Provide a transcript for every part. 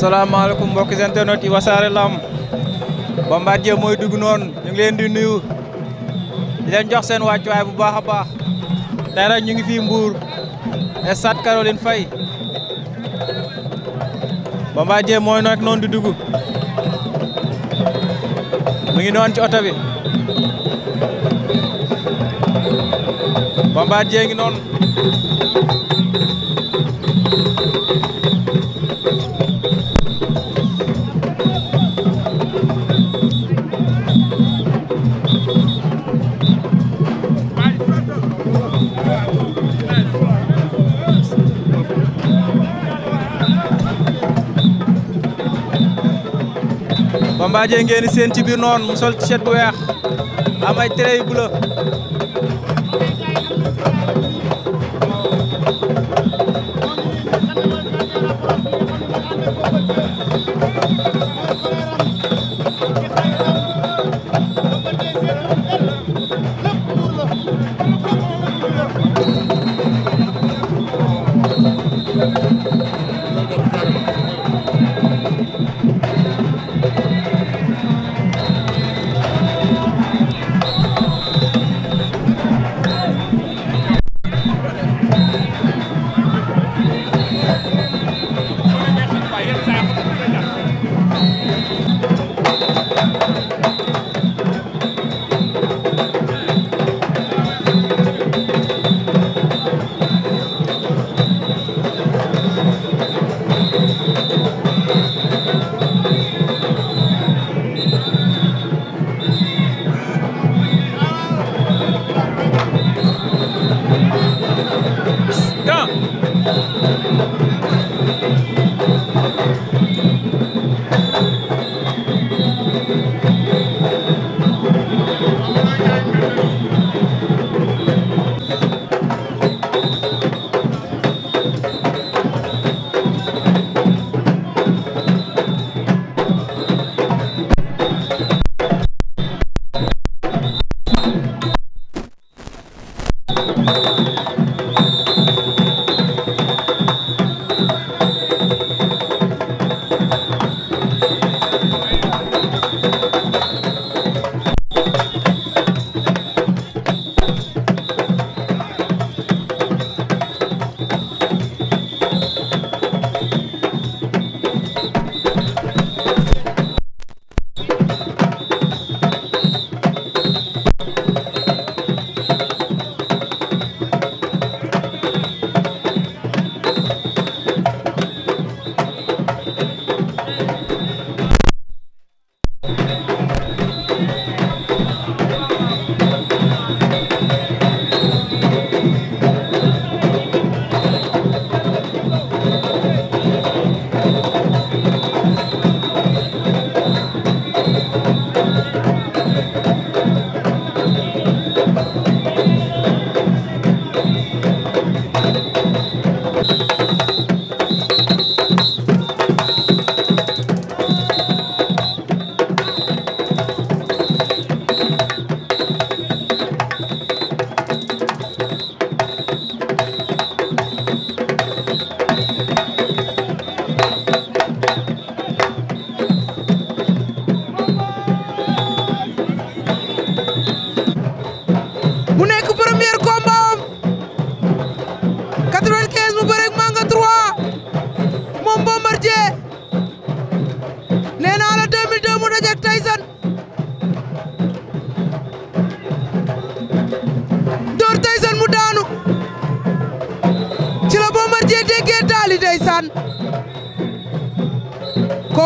salaamaaleykum mbokki internet yi wasaare lam Bombardier mooy dugg noonu ñu leen di nuyu di leen jox seen wàccuwaay bu baax a baax tey nag ñu ngi fii Mbour stade Caroline Faye mooy nekk noonu di dugg mu ngi noonu ci oto bi Bombardier Bombardier ngeen di seen ci biir noonu mu sol t bu weex am ay traits yu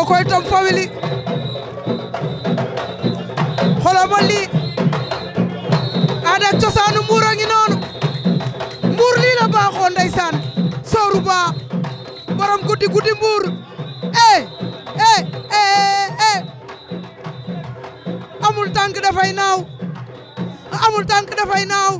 moo koy tom fawili xoolal ma lii aada cosaanu mbuur ngi noonu mbuur lii la baaxoo ndeysaan sooru baa borom guddi guddi mbuur eh, eh eh eh eh amul tànk dafay naaw amul tànk dafay naaw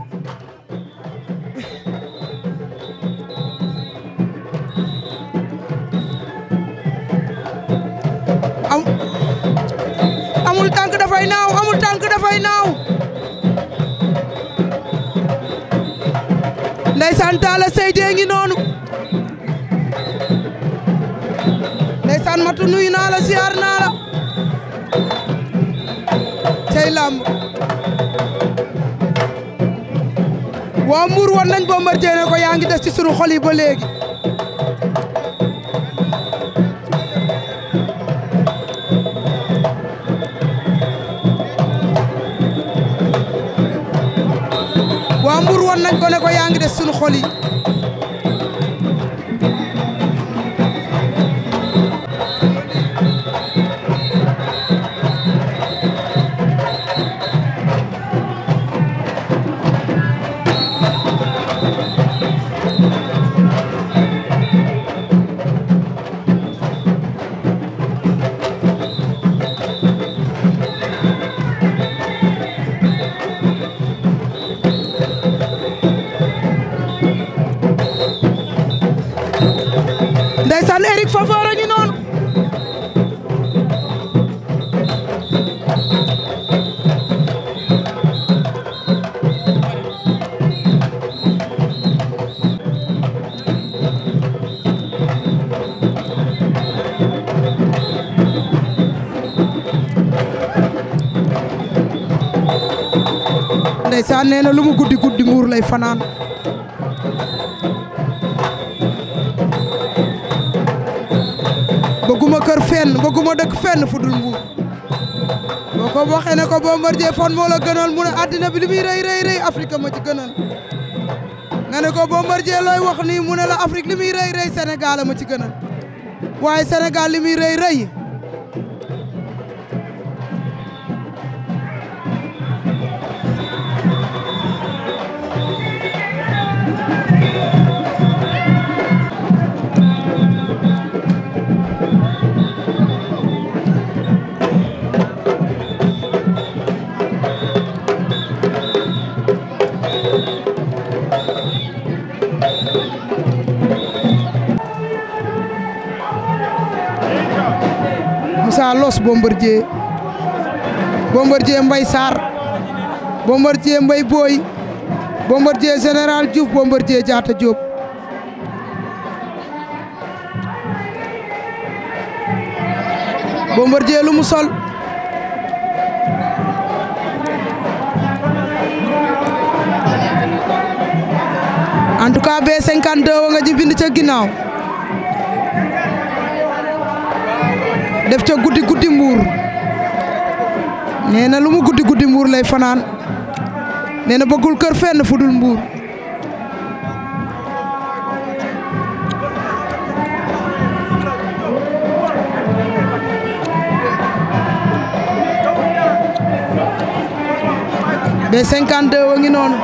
amul tànk dafay naaw amul tànk ngi noonu ndeysaan matu nuyu naa la siyaar naa la cey làmb waa Mbour woon nañ Bombardier ne ko yaa ngi des ci sunu xol yi léegi suñu xol yi Fatick Fafara ñu lu mu guddi guddi mbuur lay fanaan bëgguma kër fenn bëgguma dëkk fenn fu dul Mbuur boo ko waxee ne ko Bombardier fan moo la gënal mu ne àddina bi li muy rëy rëy rëy ma ci gënal nga ne ko Bombardier looy wax nii mu ne la Afrique li muy rëy rëy Sénégal ma ci gënal waaye Sénégal li muy rëy rëy Moussa Loss Bombardier Bombardier Mbaye Sarr Bombardier Mbaye Boy Bombardier Général Diouf jaata Diatta Diop Bombardier lu mu sol en tout cas B52 wa bind ca ginnaaw def ca guddi guddi mbuur nee na lu guddi guddi mbuur lay fanaan nee na bëggul kër fenn fu dul mbuur B52 noonu